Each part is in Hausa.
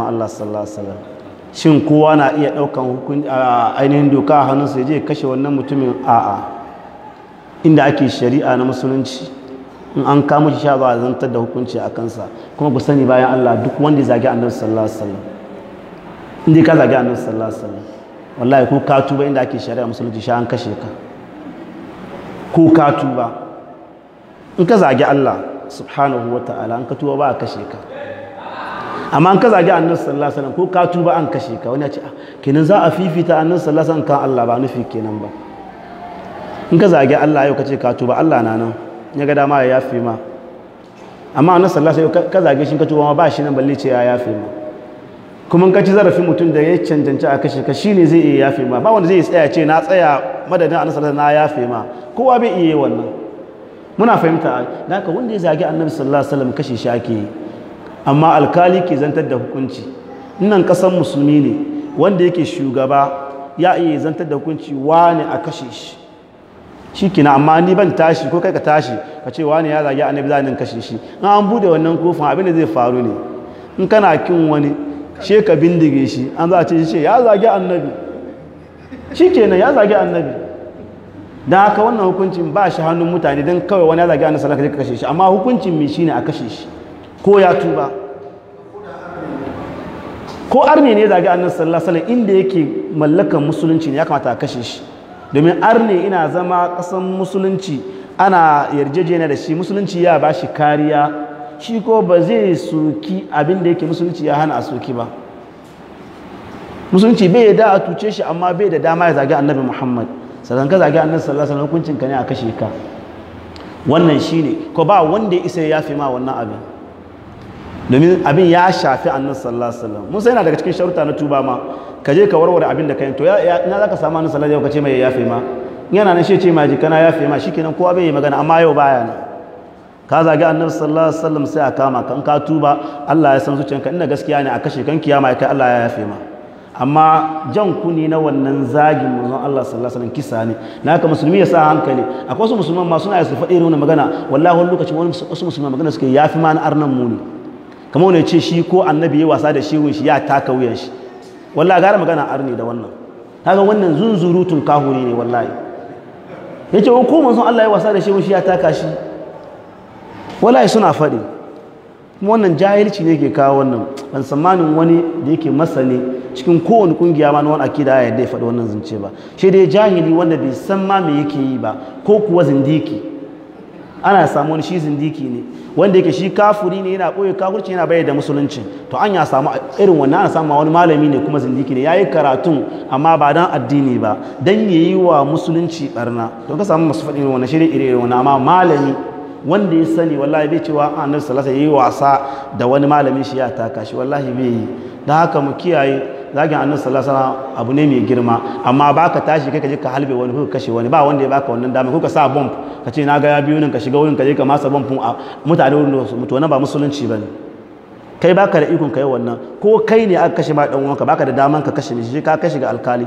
manzon Allah sallallahu alaihi wasallam shin kowa na iya daukan hukunci ainihin doka a hannun ya je kashe wannan mutumin a'a inda ake shari'a na musulunci in an kama shi sha a zantar da hukunci a kansa kuma ku sani bayan Allah duk wanda zage zagi annabi sallallahu alaihi wasallam inda ka annabi sallallahu alaihi wasallam wallahi ko ka tuba inda ake shari'a musulunci sha an kashe ka ko ka tuba in ka zagi Allah subhanahu wa ta'ala an ka tuba ba a kashe ka amma an ka zage annabi sallallahu alaihi wasallam ko ka tuba an kashe ka wani ya ce ah, kenan za a fifita annabi sallallahu alaihi wasallam kan Allah ba nufi kenan ba in ka zage Allah yau ka ce ka tuba Allah na nan ya ga dama ya yafe ma amma annabi sallallahu alaihi wasallam ka zage shi ka tuba ma ba shi nan balle ce ya yafe ma kuma in ka ci zarafin mutum da ya cancanci a kashe ka shine zai iya yafe ma ba wanda zai tsaya ce na tsaya madadin annabi sallallahu alaihi wasallam na yafe ma kowa bai iya wannan muna fahimta da haka wanda ya zage annabi sallallahu alaihi wasallam kashe shi ake yi amma alkali ke zantar da hukunci nan kasan musulmi ne wanda yake shugaba ya iya zantar da hukunci wani a kashe shi shi kina amma ni ban tashi ko kai ka tashi ka ce wani ya zagi nabi zanen kashe shi in an bude wannan kofin abin da zai faru ne in kana kin wani she ka bindige shi an za a ce shi ya zagi annabi shi kenan ya zagi annabi don haka wannan hukuncin ba shi hannun mutane don kawai wani ya zagi annabi sallallahu ka kashe shi amma hukuncin mai shine a kashe shi ko ya tuba ko arne ne zage annabi sallallahu alaihi inda yake mallakan musulunci ne ya kamata a kashe shi domin arne ina zama kasan musulunci ana yarjejena da shi musulunci ya ba shi kariya shi ko ba zai soki abin da yake musulunci ya hana a soki ba musulunci bai da a tuce shi amma bai da dama ya zage annabi muhammad sannan ka zage annabi sallallahu alaihi hukuncin ka ne a kashe ka wannan shine ko ba wanda ya isa ya fi ma wannan abin domin abin ya shafi annan sallallahu alaihi wasallam musa yana daga cikin sharuta na tuba ma ka je ka warware abin da kai to ina zaka samu annan sallallahu alaihi wasallam ka ce mai yafe ma yana nan shi ce ma jikana yafe ma shikenan kowa bai yi magana amma yau baya ne ka zagi annabi sallallahu alaihi wasallam sai a kama ka in ka tuba Allah ya san zuciyanka ina gaskiya ne a kashe kan kiyama kai Allah ya yafe ma amma jan kuni na wannan zagin manzon Allah sallallahu alaihi wasallam kisa ne na haka musulmi ya sa hankali akwai wasu musulman ma suna su faɗi irin magana wallahi wani lokacin wasu musulman magana suke yafi ma na arnan muni kamar wani ce shi ko annabi ya wasa da shehun shi ya taka wuyan shi wallah gara magana arni da wannan kaga wannan zunzurutun kahuri ne wallahi yace ko manzon Allah ya wasa da shehun shi ya taka shi wallahi suna faɗi kuma wannan jahilci ne ke kawo wannan ban tsammanin wani da yake masane cikin kowane kungiya ma na wani akida ya yadda ya faɗi wannan zance ba shi dai jahili wanda bai san ma me yake yi ba ko kuwa zindiki ana samu wani shi zindiki ne wanda yake shi kafuri ne yana ɓoye kafurci yana bayyana da musulunci to an ya samu irin wannan ana samu wani malami ne kuma zindiki ne ya yi karatun amma ba dan addini ba dan ya yi wa musulunci barna to ka samu masu faɗin wannan shirin iri irin wannan amma malami wanda ya sani wallahi bai cewa annabi sallallahu alaihi wasallam wasa da wani malamin shi ya taka shi wallahi bai yi dan haka mu kiyaye zagin annabi sallallahu alaihi wasallam abu ne mai girma amma baka tashi kai ka je ka halbe wani ko kashe wani ba wanda ya baka wannan dama ko ka sa bomb ka ce na ga ya biyu nan ka shiga wurin ka je ka masa ban a mutane wurin da mutu wannan ba musulunci ba ne kai baka da ikon kai wannan ko kai ne aka kashe ma dan uwanka baka da daman ka kashe shi ka kashe ga alkali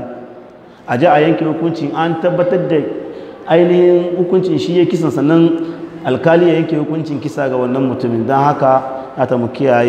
a je a yanke hukuncin an tabbatar da ainihin hukuncin shi ya kisan sannan alkali ya yanke hukuncin kisa ga wannan mutumin don haka na ta mu kiyaye